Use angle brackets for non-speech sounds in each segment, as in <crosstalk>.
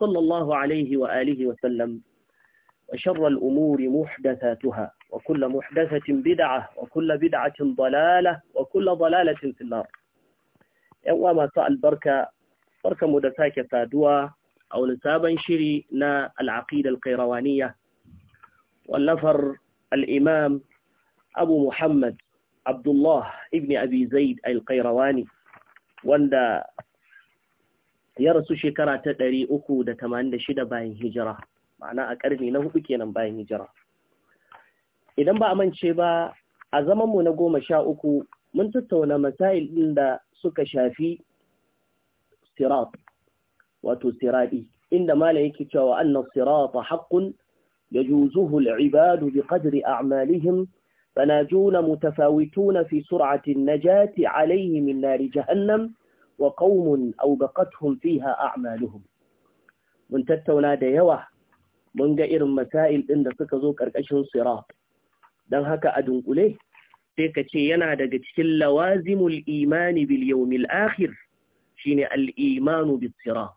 صلى الله عليه وآله وسلم وشر الأمور محدثاتها وكل محدثة بدعة وكل بدعة ضلالة وكل ضلالة في النار يوما سأل بركة بركة مدساكة سادوة أو نسابا شري نا العقيدة القيروانية والنفر الإمام أبو محمد عبد الله ابن أبي زيد القيرواني wanda ya rasu shekara ta 386 bayan hijira ma'ana a karni na hudu kenan bayan hijira idan ba amince ba a zaman mu na 13 mun tattauna masail din da suka shafi sirat wato siradi inda malai yake cewa anna sirata haqqun yajuzuhu al-ibadu biqadri a'malihim فناجون متفاوتون في سرعة النجاة عليه من نار جهنم wa qaumun awbaqathum fiha a'maluhum mun tattauna da yawa mun ga irin masail ɗin da suka zo karkashin sirat dan haka a dunkule sai ka ce yana daga cikin lawazimul imani bil yawmil akhir shine ne imanu bis sirat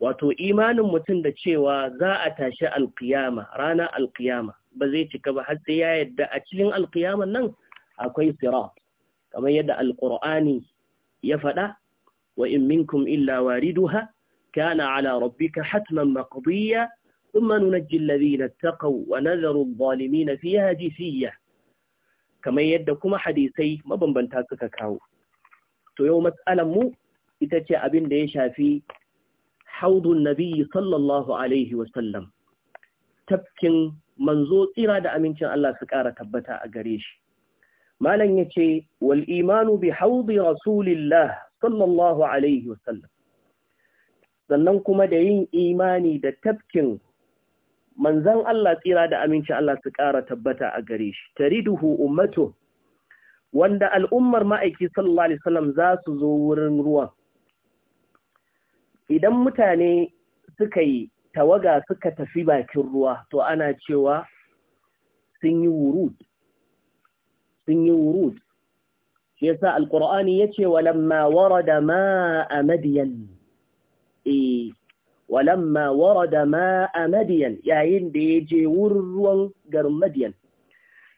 wato imanin mutum da cewa za a tashi alkiyama rana alkiyama ba zai cika ba har sai ya yadda a cikin alkiyaman nan akwai sirat kamar yadda alkur'ani يفدا وان منكم الا واردها كان على ربك حتما مقضيا ثم ننجي الذين اتقوا ونذر الظالمين فيها جثيا كما يدى كما حديثي ما بنبنتا كاكاو تو يوم مساله مو itace abin da ya shafi haudun nabi sallallahu alaihi wasallam tafkin manzo tsira da amincin Allah su kara malam yace wal imanu bi haudi rasulillah sallallahu alaihi wasallam sannan kuma da yin imani da tafkin manzan Allah tsira da aminci Allah su ƙara tabbata a gare shi tariduhu ummatu wanda al'ummar ma'aiki sallallahu alaihi wasallam za su zo wurin ruwan idan mutane suka yi tawaga suka tafi bakin ruwa to ana cewa sun yi wurud sun yi wurud shi yasa alqur'ani yace walamma warada ma'a madyan eh walamma warada ma'a madyan yayin da yaje wurin ruwan garin madiyan.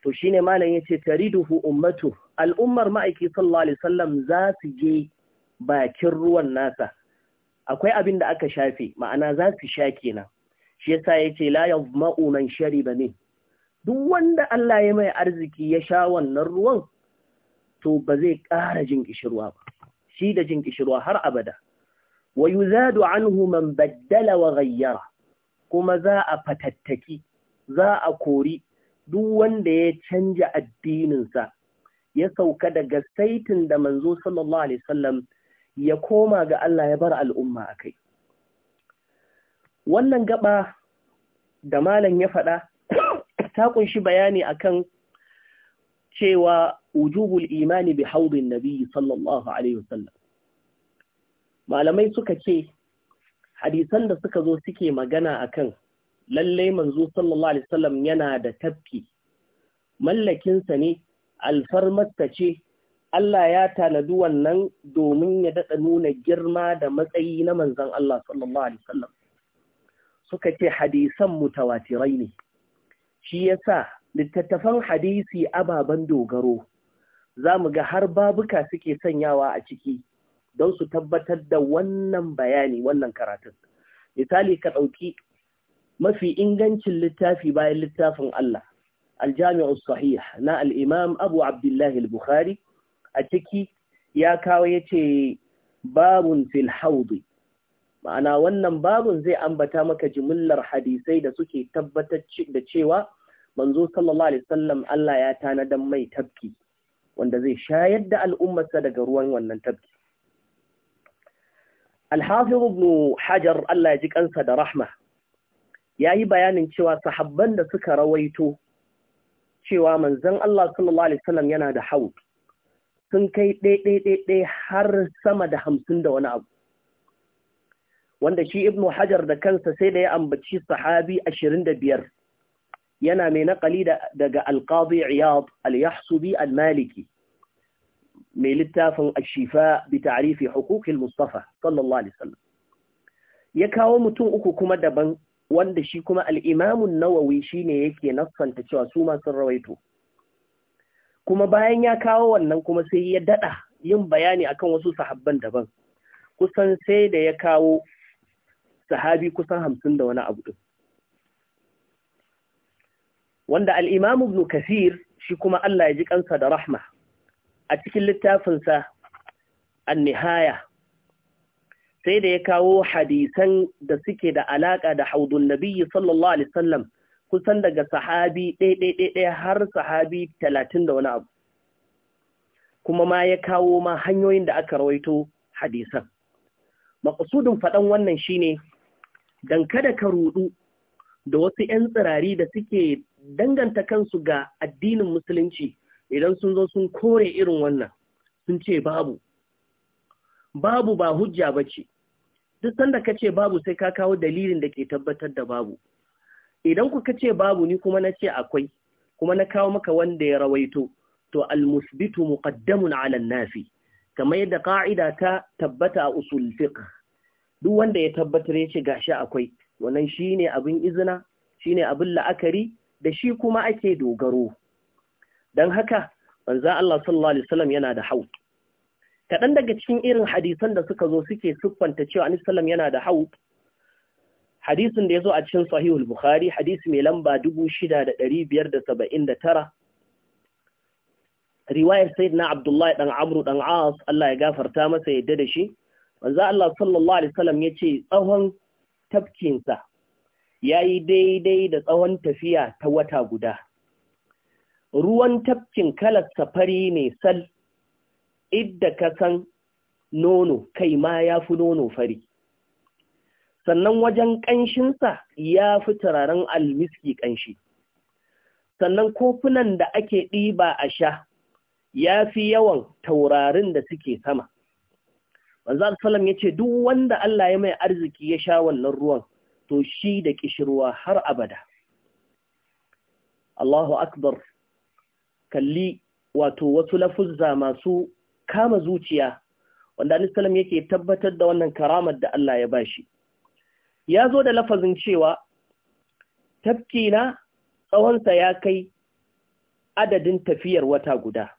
to shine malam yace tariduhu ummatu al'ummar ma'aiki sallallahu alaihi wasallam za su je bakin ruwan nasa akwai abin da aka shafe ma'ana za su sha kenan shi yasa yace la yazma'u man shariba min duk wanda Allah ya mai arziki ya sha wannan ruwan to ba zai ƙara jin kishirwa ba shi da jin kishirwa har abada wa yuzadu anhu man baddala wa ghayyara kuma za a fatattaki za a kori duk wanda ya canja addininsa ya sauka daga saitin da manzo sallallahu alaihi wasallam ya koma ga Allah ya bar al'umma akai wannan gaba da malam ya faɗa ta kunshi bayani akan cewa wujubul imani bi haudin nabi sallallahu alaihi wasallam malamai suka ce hadisan da suka zo suke magana akan lalle manzo sallallahu alaihi wasallam yana da tafki mallakinsa ne alfarmarsa ce Allah ya tanadi wannan domin ya daɗa nuna girma da matsayi na manzon Allah sallallahu alaihi wasallam suka ce hadisan mutawatirai ne shi yasa littattafan hadisi ababen dogaro za mu ga har babuka suke sanyawa a ciki don su tabbatar da wannan bayani wannan karatun misali ka ɗauki mafi ingancin littafi bayan littafin Allah aljami'u sahih na al'imam abu abdullahi al-bukhari a ciki ya kawo ya ce babun fil haudi ma'ana wannan babun zai ambata maka jimillar hadisai da suke tabbatar da cewa manzo sallallahu alaihi wasallam Allah ya tanadan mai tabki wanda zai shayar da al'ummarsa daga ruwan wannan tabki Al-Hafiz ibn Hajar Allah ya ji kansa da rahma yayi bayanin cewa sahabban da suka rawaito cewa manzon Allah sallallahu alaihi wasallam yana da haud sun kai ɗaiɗaiɗaiɗai har sama da hamsin da wani abu wanda shi ibnu hajar da kansa sai da ya ambaci sahabi 25 yana mai naƙali daga alƙadi iyad al-yahsubi al-maliki mai littafin ashifa bi ta'rifi huquqil mustafa sallallahu alaihi wasallam ya kawo mutum uku kuma daban wanda shi kuma al-imam an-nawawi shine yake nassanta cewa su ma sun rawaito kuma bayan ya kawo wannan kuma sai ya dada yin bayani akan wasu sahabban daban kusan sai da ya kawo sahabi kusan hamsin da wani abu wanda al'imamu ibn kasir shi kuma Allah ya ji kansa da rahma a cikin littafinsa an annihaya sai da ya kawo hadisan da suke da alaƙa da haudun nabi sallallahu alaihi wasallam kusan daga sahabi ɗaya har sahabi talatin da wani abu kuma ma ya kawo ma hanyoyin da aka rawaito hadisan maƙasudin faɗan wannan shine don kada ka rudu da wasu 'yan tsirari da suke danganta kansu ga addinin musulunci idan sun zo sun kore irin wannan sun ce babu babu ba hujja ba ce duk sanda ka ce babu sai ka kawo dalilin da ke tabbatar da babu idan ku ka ce babu ni kuma na ce akwai kuma na kawo maka wanda ya rawaito to almusbitu muqaddamun ala nafi kamar yadda ka'ida ta tabbata a usul fiqh duk wanda ya tabbatar ya ce gashi akwai wannan shine abin izina shine abin la'akari da shi kuma ake dogaro dan haka manzo Allah sallallahu alaihi wasallam yana da hau. kaɗan daga cikin irin hadisan da suka zo suke siffanta cewa annabi sallam yana da hau? hadisin da ya zo a cikin sahihul bukhari hadisi mai lamba 6579 riwayar sayyidina abdullahi dan amru dan as Allah ya gafarta masa yadda da shi manzo Allah sallallahu alaihi wasallam yace tsawon tafkinsa yayi daidai da tsawon tafiya ta wata guda ruwan tafkin kalar safari ne sal idda ka san nono kai ma ya fi nono fari sannan wajen ƙanshinsa ya fi turaren almiski ƙanshi sannan kofunan da ake ɗiba a sha ya fi yawan taurarin da suke sama Salam ya ce duk wanda Allah ya mai arziki ya sha wannan ruwan to shi da kishirwa har abada Allahu akbar kalli wato wasu lafuzza masu kama zuciya wanda Annabi salam yake tabbatar da wannan karamar da Allah ya bashi ya zo da lafazin cewa tafki tafkina tsawonsa ya kai adadin tafiyar wata guda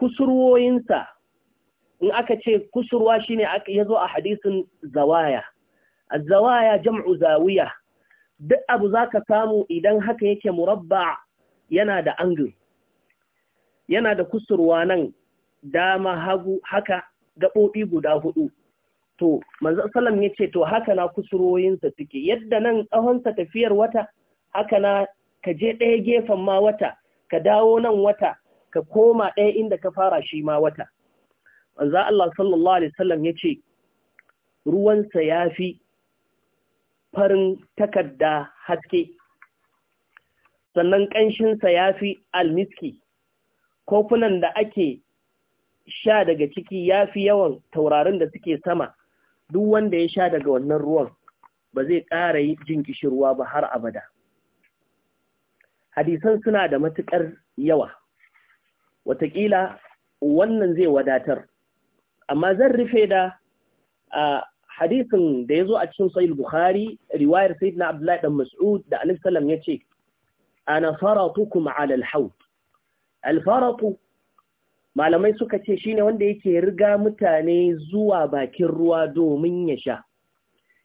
kusurwoyinsa in aka ce kusurwa shine ya zo a hadisin zawaya A zawaya jam'u zawiya duk abu za ka samu idan haka yake murabba yana da angle yana da kusurwa nan dama hagu haka gaɓoɓi guda hudu to manzo ya ce to haka na kusurwoyinsa suke yadda nan tsahonsa tafiyar wata haka na ka je ɗaya gefen ma wata ka dawo nan wata ka koma ɗaya inda ka fara shi ma wata manzo Allah sallallahu alaihi wasallam yace ruwansa yafi farin takarda haske sannan ƙanshinsa ya fi almiski kofunan da ake sha daga ciki ya fi yawan taurarin da suke sama duk wanda ya sha daga wannan ruwan ba zai ƙara yi jin kishirwa ba har abada hadisan suna da matuƙar yawa watakila wannan zai wadatar amma zan rufe da a hadisin da ya zo a cikin sahih bukhari riwayar na abdullahi dan mas'ud da Salam ya ce, ana faratukum ala al al-faratu malamai suka ce shine wanda yake riga mutane zuwa bakin ruwa domin ya sha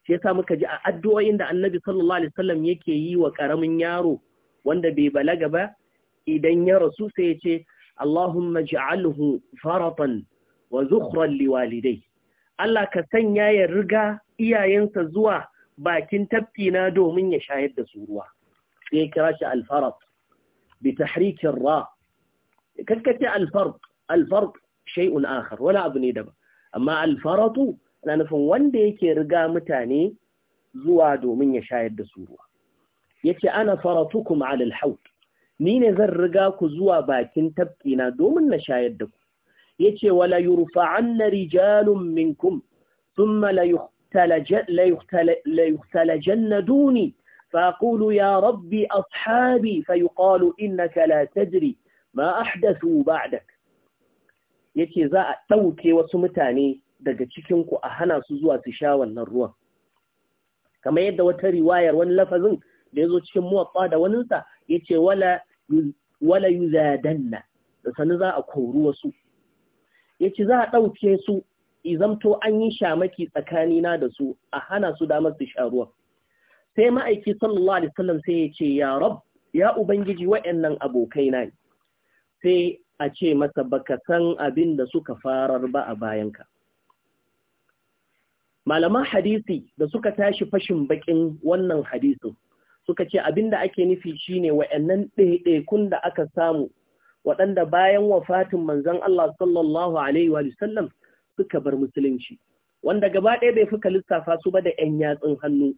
shi yasa muka ji a addu'o'in da annabi sallallahu alaihi wasallam yake yi wa ƙaramin yaro wanda bai balaga ba idan ya rasu sai ya ce Allahumma ij'alhu faratan wa zukhran liwalidai Allah ka sanya ya riga iyayensa zuwa bakin tafki na domin ya shayar da su ruwa sai ya kira shi alfarat bi tahrikin ra kakkace alfarq alfarq shay'un akhar wani abu ne daban amma alfaratu na nufin wanda yake riga mutane zuwa domin ya shayar da su ruwa yace ana faratukum ala alhawd ni ne zan riga ku zuwa bakin tafki na domin na shayar da ku yace wala na rijalun minkum thumma la yuhtalajanna duni فأقول يا ربي أصحابي فيقال إنك لا تدري ما أحدثوا بعدك yace za a ɗauke wasu mutane daga cikinku a hana su zuwa su sha wannan ruwan kamar yadda wata riwayar wani lafazin da ya zo cikin muwaffa da waninsa ya ce wala yuzadanna da sani za a kori wasu ce za a ɗauke su izamto an yi shamaki tsakanina da su a hana su damar su sha ruwa. sai ma'aiki sallallahu alaihi wasallam sai ya ce ya rab ya ubangiji wayannan abokai na sai a ce masa baka san abin da suka farar ba a bayanka malaman hadisi da suka tashi fashin bakin wannan hadisin suka ce abin da ake nufi shine wayannan ɗaiɗaikun da aka samu waɗanda bayan wafatin manzon Allah sallallahu alaihi wa sallam suka bar musulunci wanda gaba ɗaya bai fuka lissafa su ba da ‘yan yatsun hannu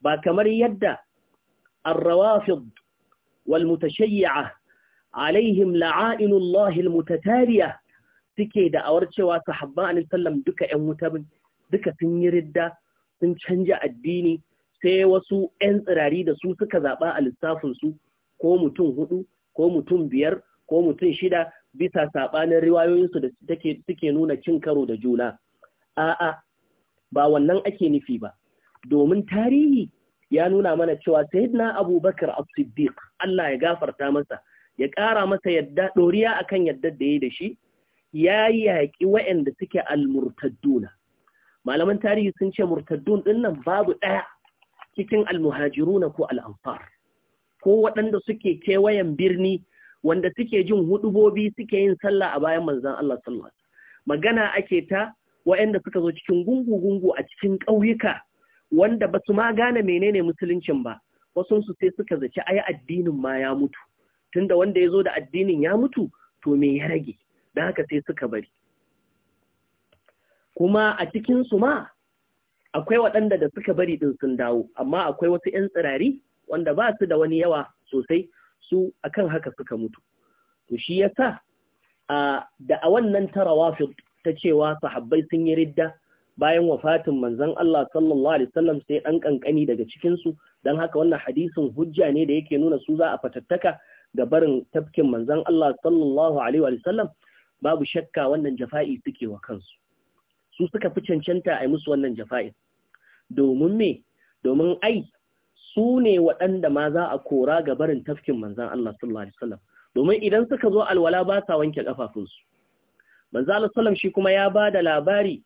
ba kamar yadda arrawafid wal mutashayya alaihim la'ainullahi almutatariya suke da awar cewa sahabban alayhi sallam duka ‘yan wuta duka sun yi ridda sun canja addini sai wasu ‘yan tsirari da su suka zaɓa a lissafinsu ko mutum hudu ko mutum biyar ko mutum shida bisa saɓanin riwayoyinsu da suke nuna cin karo da juna. A'a, ba wannan ake nufi ba, domin tarihi ya nuna mana cewa Sayyidina Abubakar As-Siddiq Allah ya gafarta masa, ya ƙara masa yadda ɗoriya a kan yadda da ya da shi, ya yaƙi waɗanda suke al-murtadduna. Malaman tarihi sun ce murtaddun ɗin nan babu ɗaya cikin al-muhajiruna ko al amfar Ko waɗanda suke kewayen birni wanda suke jin hudubobi suke yin sallah a bayan manzon Allah sallallahu magana ake ta wa'anda suka zo cikin gungu-gungu a cikin ƙauyuka wanda ba su ma gane menene musuluncin ba wasu su sai suka zaci ai addinin ma ya mutu tunda wanda ya zo da addinin ya mutu to me ya rage dan haka sai suka bari kuma a cikin su ma akwai waɗanda da suka bari din sun dawo amma akwai wasu 'yan tsirari wanda ba su da wani yawa sosai su akan haka suka mutu to shi yasa a da a wannan tarawafi ta cewa sahabbai sun yi ridda bayan wafatin manzon Allah sallallahu alaihi wasallam sai dan kankani daga cikin su dan haka wannan hadisin hujja ne da yake nuna su za a fatattaka ga barin tafkin manzon Allah sallallahu alaihi wasallam babu shakka wannan jafa'i suke wa kansu su suka fi cancanta a yi musu wannan jafa'i, domin me domin ai su ne waɗanda ma za a kora ga barin tafkin manzan Allah sallallahu Alaihi wasallam domin idan suka zo alwala ba sa wanke ƙafafunsu. Manzan Allah sallam shi kuma ya ba da labari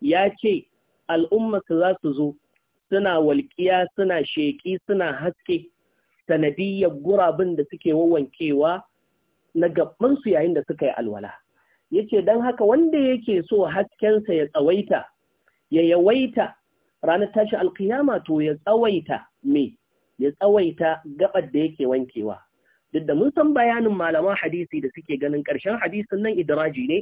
ya ce al'ummarsu za su zo suna walƙiya suna sheƙi suna haske sanadiyyar gurabin da suke wawankewa na gabansu yayin da suka yi alwala. Ya ce don haka wanda yake so haskensa ya tsawaita, ya yawaita ranar tashi alkiyama to ya tsawaita me ya tsawaita gabar da yake wankewa duk da mun san bayanin malaman hadisi da suke ganin ƙarshen hadisin nan idraji ne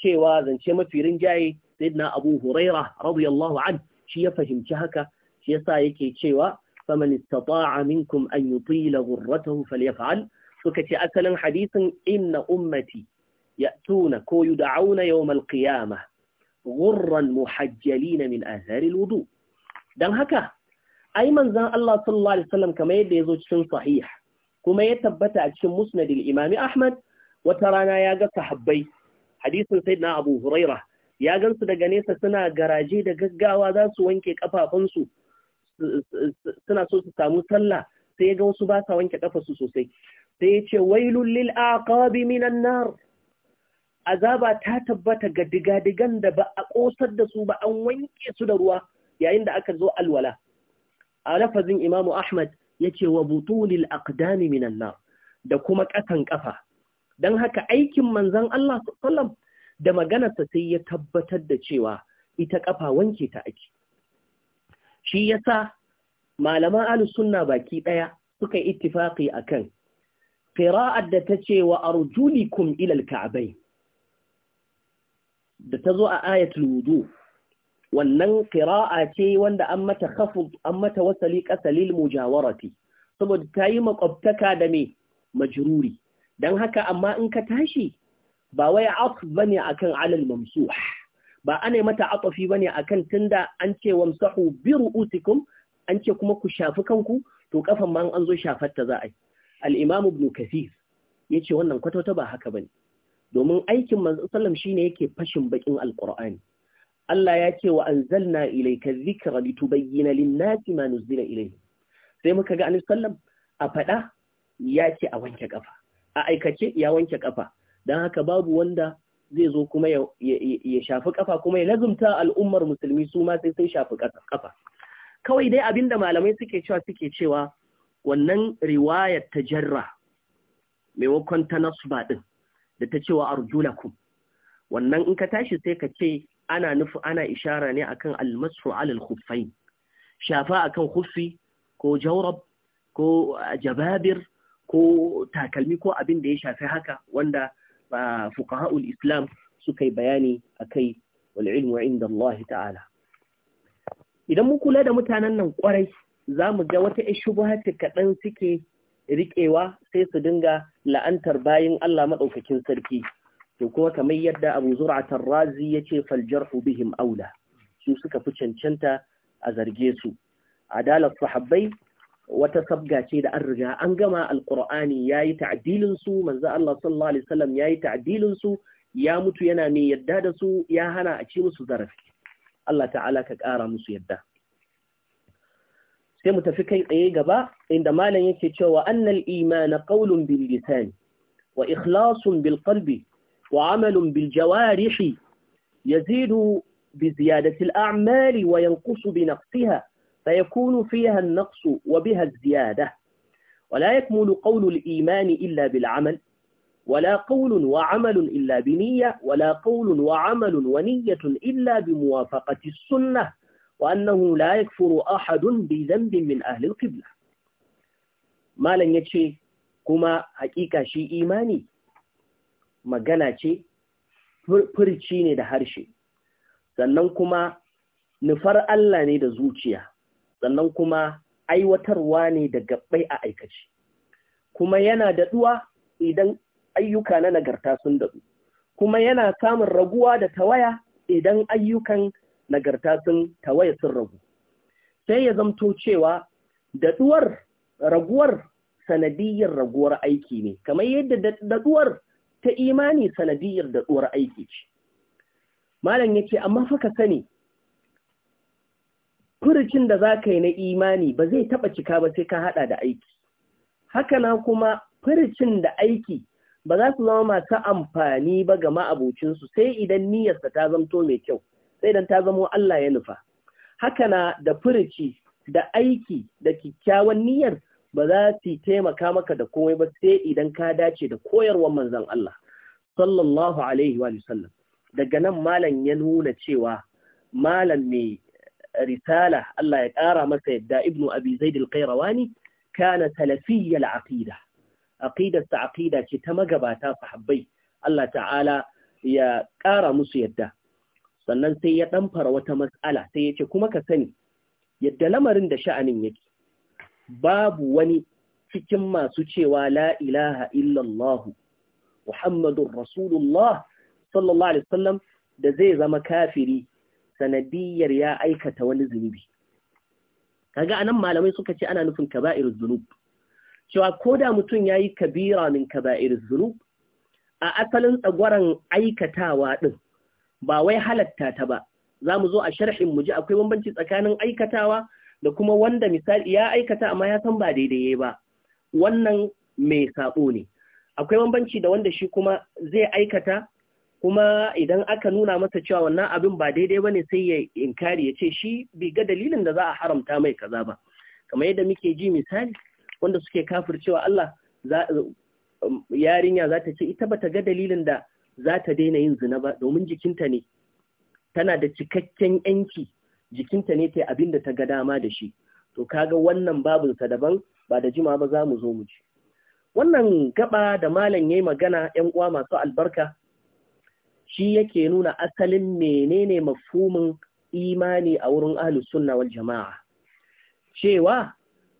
cewa zance mafi rinjaye sayyidina Abu Huraira radiyallahu an shi ya fahimci haka shi yasa yake cewa faman istata'a minkum an yutila ghurratahu falyaf'al suka ce asalin hadisin inna ummati ya'tuna ko yud'auna yawm al-qiyamah ghurran muhajjalin min athari wudu don haka ai manzan Allah sallallahu alaihi wasallam kamar yadda yazo cikin sahih kuma ya tabbata a cikin musnad Imami Ahmad wata rana ya ga sahabbai hadisin sayyidina Abu Huraira ya gansu daga nesa suna garaje da gaggawa za su wanke kafafunsu suna so su samu sallah sai ya ga wasu ba sa wanke kafarsu sosai sai ya ce wailul lil aqabi minan nar azaba ta tabbata ga diga-digan da ba a kosar da su ba an wanke su da ruwa yayin da aka zo alwala a lafazin imamu ahmad ya ce wa butulil aqdami minan nar da kuma ƙasan ƙafa don haka aikin manzan Allah sallam da maganarsa sai ya tabbatar da cewa ita ƙafa wanke ta ake shi yasa malaman sunna baki ɗaya suka yi ittifaqi akan qira'ar da ta wa arjulikum ilal ka'abai da ta zo a ayatul wudu wannan ƙira'a ce wanda an mata khafd an mata wasali qasalil mujawarati saboda tayi makwabtaka da me majruri dan haka amma in ka tashi ba wai atf bane akan alal mamsuh ba ana mata atafi bane akan tunda an ce wamsahu bi ru'usikum an ce kuma ku shafi kanku to kafan ma an zo shafatta za a yi al-imam ibn kathir yace wannan kwatota ba haka bane domin aikin manzon sallam shine yake fashin bakin alqur'ani Allah ya ce wa anzalna ilayka dhikra litubayyana lin-nasi ma nuzila ilayhi sai muka ga annabi sallam a fada ya ce a wanke kafa a aikace ya wanke kafa dan haka babu wanda zai zo kuma ya shafi kafa kuma ya lazumta al'ummar musulmi su ma sai sun shafi kafa kawai dai abinda malamai suke cewa suke cewa wannan riwayar tajarra wakon ta ba din da ta cewa arjulakum wannan in ka tashi sai ka ce ana nufi ana ishara ne akan almasu alal khuffain shafa akan khuffi ko jawrab ko jababir ko takalmi ko abin da ya shafi haka wanda fuqaha'ul islam suka yi bayani akai wal ilmu inda Allah ta'ala idan mu kula da mutanen nan kwarai zamu ga wata shubha ta kadan suke riƙewa sai su dinga la'antar bayin Allah madaukakin sarki to kuma kamar yadda Abu Zur'at razi ya ce faljarhu bihim aula su suka fi cancanta a zarge su adalar sahabbai wata sabga ce da an riga an gama alqur'ani yayi ta'dilin su manzo Allah sallallahu alaihi wasallam yayi ta'dilin su ya mutu yana mai yadda da su ya hana a ci musu zarafi Allah ta'ala ka kara musu yadda sai mu tafi kai tsaye gaba inda malam yake cewa annal iman qawlun bil lisan wa ikhlasun bil qalbi وعمل بالجوارح يزيد بزيادة الأعمال وينقص بنقصها فيكون فيها النقص وبها الزيادة ولا يكمل قول الإيمان إلا بالعمل ولا قول وعمل إلا بنية ولا قول وعمل ونية إلا بموافقة السنة وأنه لا يكفر أحد بذنب من أهل القبلة ما لن يتشي كما حقيقة شيء إيماني magana ce furci ne da harshe sannan kuma nufar Allah ne da zuciya sannan kuma aiwatarwa ne da gabbai a aikace kuma yana daɗuwa idan ayyuka na nagarta sun daɗu kuma yana samun raguwa da tawaya idan ayyukan nagarta sun tawaya sun ragu sai ya zamto cewa daduwar raguwar sanadiyyar raguwar aiki ne kamar yadda daɗuwar ta imani sanadiyar da tsuwar aiki ce malam ya ce amma faka sani kuricin da za ka yi na imani ba zai taɓa cika ba sai ka haɗa da aiki Haka na kuma kuricin da aiki ba za su zama masu amfani ba ga ma'abocinsu sai idan niyyarsa ta zamto mai kyau sai idan ta zamo Allah ya nufa Haka na da furici da aiki da kyakkyawan niyarsa. ba za su taimaka maka da komai ba sai idan ka dace da koyarwar manzon Allah sallallahu alaihi wa sallam daga nan malam ya nuna cewa malam mai risala Allah ya ƙara masa yadda ibnu abi zaid al-qayrawani kana salafiyya al-aqida aqidar sa ce ta magabata sahabbai Allah ta'ala ya ƙara musu yadda sannan sai ya ɗamfara wata mas'ala sai ya ce kuma ka sani yadda lamarin da sha'anin yake babu wani cikin masu cewa la ilaha illallahu Muhammadun Rasulullah sallallahu Alaihi wasallam da zai zama kafiri sanadiyar ya aikata wani zunubi. Kaga anan malamai suka ce ana nufin kaba'ir zunub. Cewa ko da mutum ya yi kabira min kaba'ir zunub, a asalin tsagwaron aikatawa ɗin ba wai halatta ta ba, za mu zo a sharhin mu ji akwai bambanci tsakanin aikatawa da kuma wanda misali ya aikata amma ya san ba daidai ba wannan mai sabo ne akwai bambanci da wanda shi kuma zai aikata kuma idan aka nuna masa cewa wannan abin ba daidai bane sai ya inkari ya ce shi bai ga dalilin da za a haramta mai kaza ba kamar yadda muke ji misali wanda suke kafir cewa Allah um, yarinya za ta ce ita bata ga dalilin da za ta daina yin zina ba domin jikinta ne tana da cikakken yanci jikinta ne ta yi abin da ta ga dama da shi to kaga wannan babinsa daban ba da jima ba za mu zo mu ji wannan gaba da malam ya yi magana 'yan uwa masu albarka shi yake nuna asalin menene mafhumin imani a wurin ahlus sunna wal jama'a cewa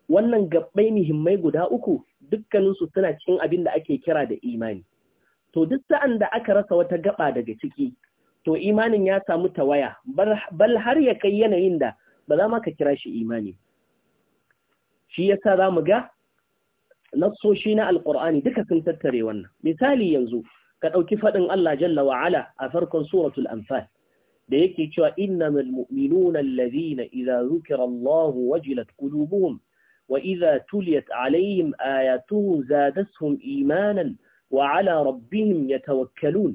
wannan gabbai muhimmai guda uku dukkaninsu suna cikin abin da ake kira da imani to duk sa'an da aka rasa wata gaba daga ciki to imanin ya samu tawaya bal har ya kai yanayin da ba za ma ka kira shi imani shi yasa za mu ga nassoshi na alkur'ani duka sun tattare wannan misali yanzu ka ɗauki faɗin Allah jalla wa ala a farkon suratul anfal da yake cewa innamal mu'minuna allazina idza zukira Allah wajilat qulubuhum wa idza tuliyat alaihim ayatu zadatuhum imanan wa ala rabbihim yatawakkalun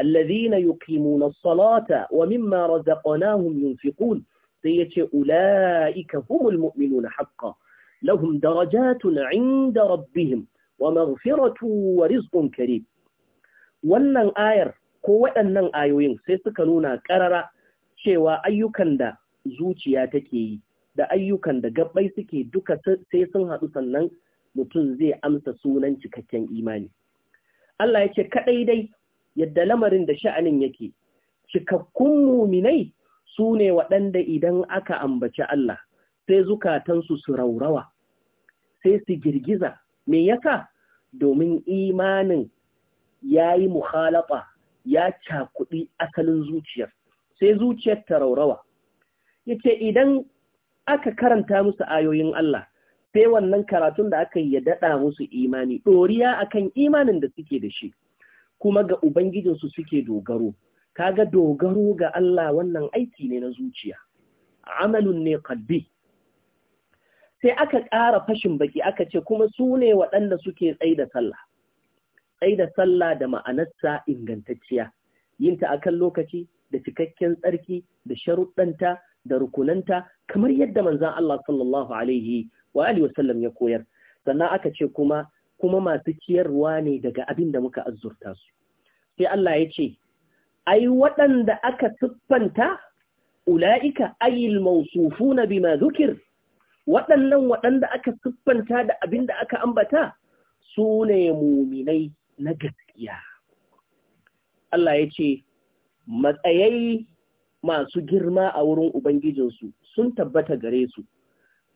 alladhina yuqimuna wa mimma razaqnahum yunfiqun sai yace ulaika humul mu'minuna haqqan lahum darajatun 'inda rabbihim wa wa wannan ayar ko waɗannan ayoyin sai suka nuna ƙarara cewa ayyukan da zuciya take yi da ayyukan da gabbai suke duka sai sun haɗu sannan mutum zai amsa sunan cikakken imani Allah ya ce kaɗai dai yadda lamarin da sha'anin yake cikakkun muminai su ne waɗanda idan aka ambaci Allah sai zukatansu su raurawa sai su girgiza me yasa domin imanin ya yi muhalafa ya cakuɗi asalin zuciyar sai zuciyar ta raurawa yace idan aka karanta musu ayoyin Allah sai wannan karatun da aka yi ya daɗa musu imani ɗoriya akan imanin da suke da shi kuma ga Ubangijinsu suke dogaro, kaga dogaro ga Allah wannan aiki ne na zuciya, amalun ne kalbi. Sai aka ƙara fashin baki aka ce kuma su ne waɗanda suke tsaida sallah, tsaida sallah da ma'anarsa ingantacciya, yinta a kan lokaci da cikakken tsarki da sharuɗanta da rukunanta kamar yadda manzan Allah sallallahu Alaihi wa Wasallam ya koyar. Sannan aka ce kuma kuma masu ciyarwa ne daga abin da muka azurta su sai Allah ya ce ai waɗanda aka siffanta ula'ika ayil bi ma zukir waɗannan waɗanda aka siffanta da abin da aka ambata su ne muminai na gaskiya Allah ya ce matsayai masu girma a wurin Ubangijinsu sun tabbata gare su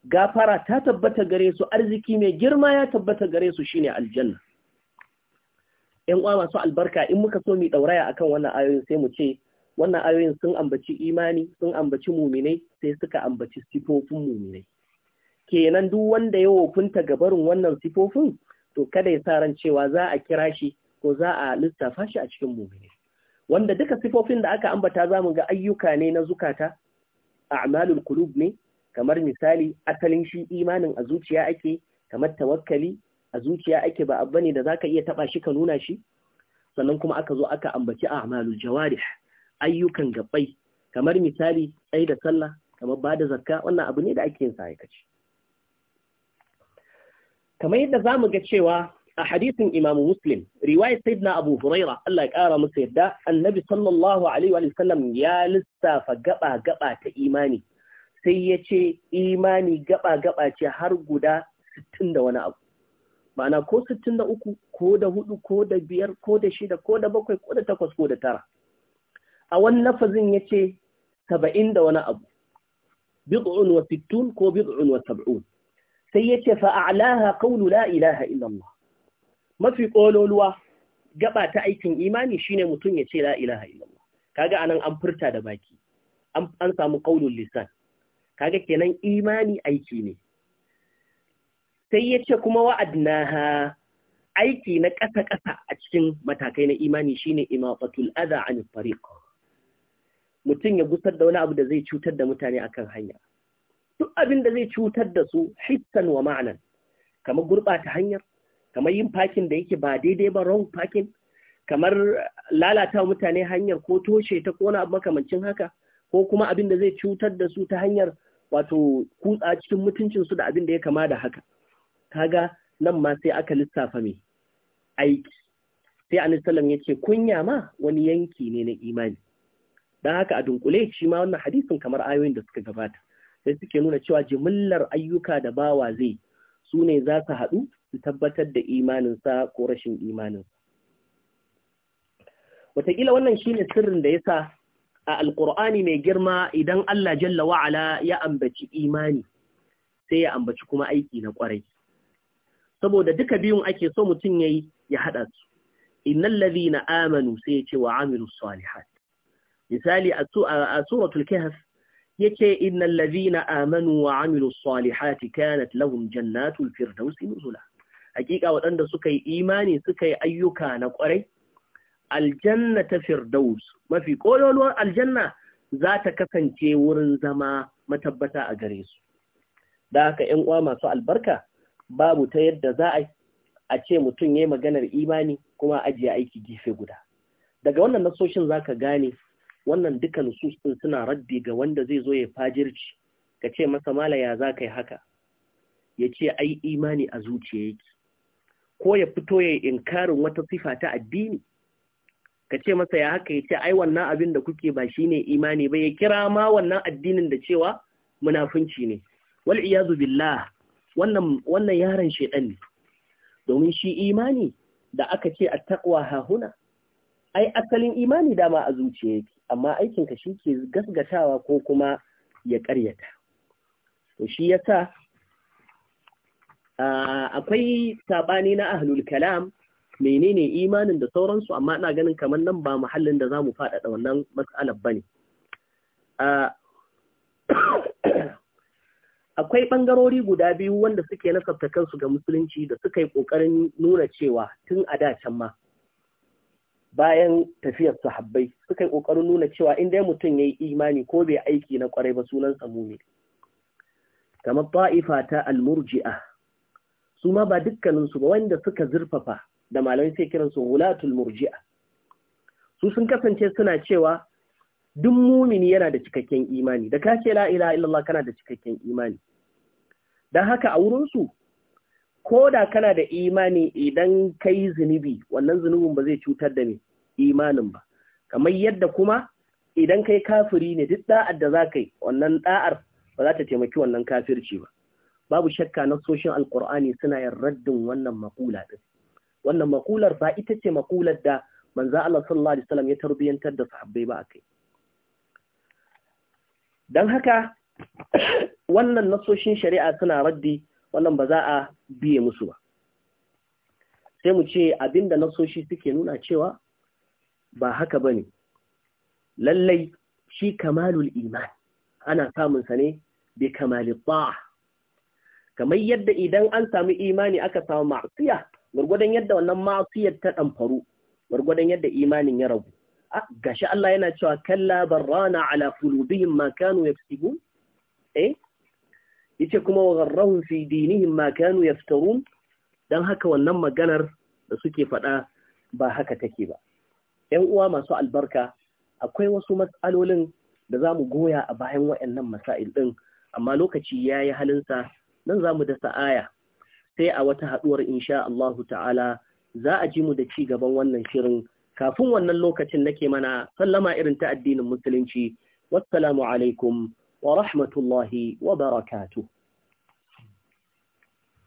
gafara ta tabbata gare su arziki mai girma ya tabbata gare su shine aljanna ƴan uwa masu albarka in muka so mu dauraya akan wannan ayoyin sai mu ce wannan ayoyin sun ambaci imani sun ambaci muminai sai suka ambaci sifofin muminai kenan duk wanda ya wofinta gabarin wannan sifofin to kada ya sa cewa za a kira shi ko za a lissafa shi a cikin muminai wanda duka sifofin da aka ambata zamu ga ayyuka ne na zukata a'malul qulub ne kamar misali asalin shi imanin a zuciya ake kamar tawakkali a zuciya ake ba abu ne da zaka iya taba shi ka nuna shi sannan kuma aka zo aka ambaci a'malul jawarih ayyukan gabbai kamar misali tsayi da sallah kamar ba da zakka wannan abu ne da ake yin sa aikaci kamar yadda zamu ga cewa a hadisin imamu muslim riwayat sayyidina abu huraira Allah ya kara masa yadda annabi sallallahu alaihi wa sallam ya lissafa gaba gaba ta imani sai ya ce imani gaba-gaba ce har guda sittin da wani abu ma'ana ko sittin da uku ko da hudu ko da biyar ko da shida ko da bakwai ko da takwas ko da tara a wani lafazin ya ce saba'in da wani abu bid'un wa sittun ko bid'un wa sab'un sai ya ce fa'alaha kaunu la ilaha illallah mafi ƙololuwa gaba ta aikin imani shine mutum ya ce la ilaha illallah kaga anan an furta da baki an samu qaulul lisan kaga kenan imani aiki ne sai ya ce kuma wa'adnaha aiki na ƙasa-ƙasa a cikin matakai na imani shine imafatul adha an fariq mutum ya gusar da wani abu da zai cutar da mutane akan hanya duk abin da zai cutar da su hissan wa ma'anan kamar gurbata hanyar kamar yin parking da yake ba daidai ba wrong fakin kamar lalata mutane hanyar ko toshe ta kona abu makamancin haka ko kuma abin da zai cutar da su ta hanyar wato kutsa cikin mutuncinsu da abin da ya kama da haka kaga nan ma sai aka lissafa mai aiki sai anisalam ya ce kunya ma wani yanki ne na imani don haka a dunkule shi ma wannan hadisin kamar ayoyin da suka gabata sai suke nuna cewa jimillar ayyuka da bawa zai su ne za su haɗu su tabbatar da imaninsa ko rashin imaninsa wataƙila wannan shine sirrin da ya sa a alƙur'ani mai girma idan Allah jalla wa'ala ya ambaci imani sai ya ambaci kuma aiki na ƙwarai. Saboda duka biyun ake so mutum ya yi ya haɗa su, innan lazi na amanu sai ya ce wa amiru salihat. Misali a suratul kahf ya ce innan lazi na amanu wa amiru salihati kanat lahum jannatul firdausi nuzula. Hakika waɗanda suka yi imani suka yi ayyuka na ƙwarai aljanna ta firdaus mafi kololuwar aljanna za ta kasance wurin zama matabbata a gare su da haka yan uwa masu albarka babu ta yadda za a ce mutum ya yi maganar imani kuma ajiye aiki gefe guda daga wannan nasoshin za ka gane wannan duka nusus suna raddi ga wanda zai zo ya fajirci ka ce masa mala ya za ka yi haka ya ce ai imani a zuciya yake ko ya fito ya yi inkarin wata sifa ta addini ka ce masa ya haka ya ce ai wannan abin da kuke ba shine imani ba ya kira ma wannan addinin da cewa munafunci ne wal iyazu billah wannan wannan yaron shedan ne domin shi imani da aka ce attaqwa hahuna ai asalin imani dama a zuciya amma aikin ka shike gasgatawa ko kuma ya karyata to shi yasa akwai saɓani na ahlul kalam menene imanin da sauransu amma ina ganin kamar nan ba muhallin da za mu faɗaɗa wannan matsalar ba ne. <coughs> Akwai ɓangarori guda biyu wanda suke nasabta kansu ga musulunci da suka yi ƙoƙarin nuna cewa tun a da can ma. Bayan tafiyar sahabbai suka yi ƙoƙarin nuna cewa inda mutum ya yi imani ko bai aiki na ƙwarai ba sunansa mumi. Kamar ta'ifa ta almurji'a su ma ba dukkaninsu ba wanda suka zurfafa da malamai sai kiransu wulatul murji'a su sun kasance suna cewa duk mumini yana da cikakken imani da kace la ilaha illallah kana da cikakken imani dan haka a wurin su ko da kana da imani idan kai zunubi wannan zunubin ba zai cutar da ni imanin ba kamar yadda kuma idan kai kafiri ne duk da'ar da za ka yi wannan da'ar ba za ta taimaki wannan kafirci ba babu shakka na soshin alkur'ani suna yin raddin wannan makula din wannan makular ba ita ce makular da manzo Allah sallallahu alaihi wasallam ya tarbiyyantar da sahabbai ba akai dan haka wannan nasoshin shari'a suna raddi wannan ba za a biye musu ba sai mu ce abinda nasoshi suke nuna cewa ba haka bane lallai shi kamalul iman ana samun sa ne bi kamalil ta'a kamar yadda idan an samu imani aka samu ma'siya gwargwadon yadda wannan ma'asiyar ta ɗamfaru gwargwadon yadda imanin ya rabu gashi Allah yana cewa kalla barrana ala qulubihim ma kanu yaksibun eh yace kuma wa gharrahum fi dinihim ma kanu yaftarun dan haka wannan maganar da suke faɗa ba haka take ba ƴan uwa masu albarka akwai wasu matsalolin da zamu goya a bayan waɗannan masail ɗin, amma lokaci yayi halinsa nan zamu dasa aya sai a wata haduwar insha Allahu ta'ala za a ji mu da ci gaban wannan shirin kafin wannan lokacin nake mana sallama irin ta addinin musulunci wassalamu alaikum wa rahmatullahi wa barakatuh